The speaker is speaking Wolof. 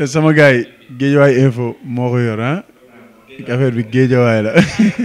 Eh, sama gars yi Guédiawaye info moo ko yor ah affaire bi Guédiawaye la